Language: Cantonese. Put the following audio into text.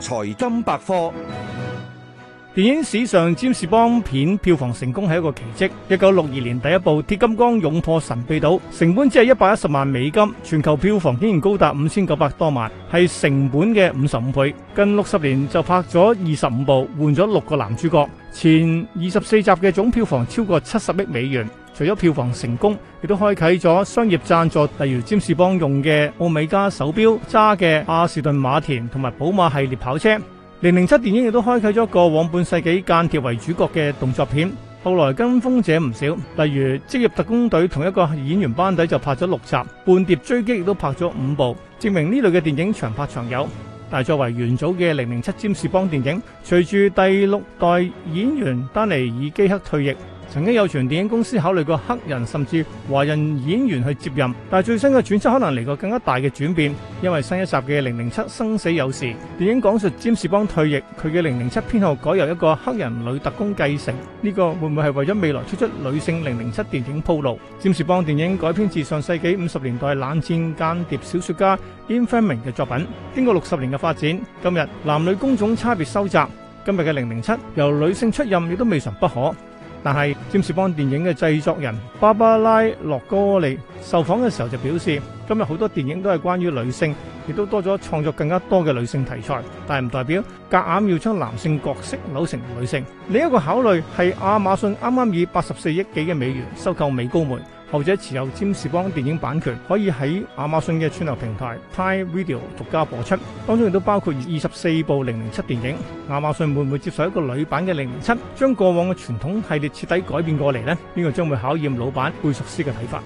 財金百科：電影史上，占士邦片票房成功係一個奇跡。一九六二年第一部《鐵金剛勇破神秘島》，成本只係一百一十萬美金，全球票房竟然高達五千九百多萬，係成本嘅五十五倍。近六十年就拍咗二十五部，換咗六個男主角。前二十四集嘅總票房超過七十億美元。除咗票房成功，亦都開啟咗商業贊助，例如占士邦用嘅奧美加手錶、揸嘅阿士頓馬田同埋寶馬系列跑車。零零七電影亦都開啟咗一個往半世紀間諜為主角嘅動作片，後來跟風者唔少，例如職業特工隊同一個演員班底就拍咗六集，《叛諜追擊》亦都拍咗五部，證明呢類嘅電影長拍長有。但係作為元祖嘅零零七占士邦電影，隨住第六代演員丹尼爾基克退役，曾經有傳電影公司考慮過黑人甚至華人演員去接任，但係最新嘅轉折可能嚟個更加大嘅轉變，因為新一集嘅《零零七生死有時》電影講述占士邦退役，佢嘅《零零七》編號改由一個黑人女特工繼承。呢個會唔會係為咗未來推出女性《零零七》電影鋪路？占士邦電影改編自上世紀五十年代冷戰間諜小說家 Ian Fleming 嘅作品。經過六十年嘅發展，今日男女工種差別收窄，今日嘅《零零七》由女性出任亦都未嘗不可。但係，占士邦電影嘅製作人芭芭拉洛哥利受訪嘅時候就表示，今日好多電影都係關於女性，亦都多咗創作更加多嘅女性題材，但係唔代表夾硬要將男性角色扭成女性。另一個考慮係亞馬遜啱啱以八十四億幾嘅美元收購美高梅。後者持有占士邦電影版權，可以喺亞馬遜嘅串流平台 Prime Video 獨家播出。當中亦都包括二十四部《零零七》電影。亞馬遜會唔會接受一個女版嘅《零零七》，將過往嘅傳統系列徹底改變過嚟呢？呢個將會考驗老闆貝索斯嘅睇法。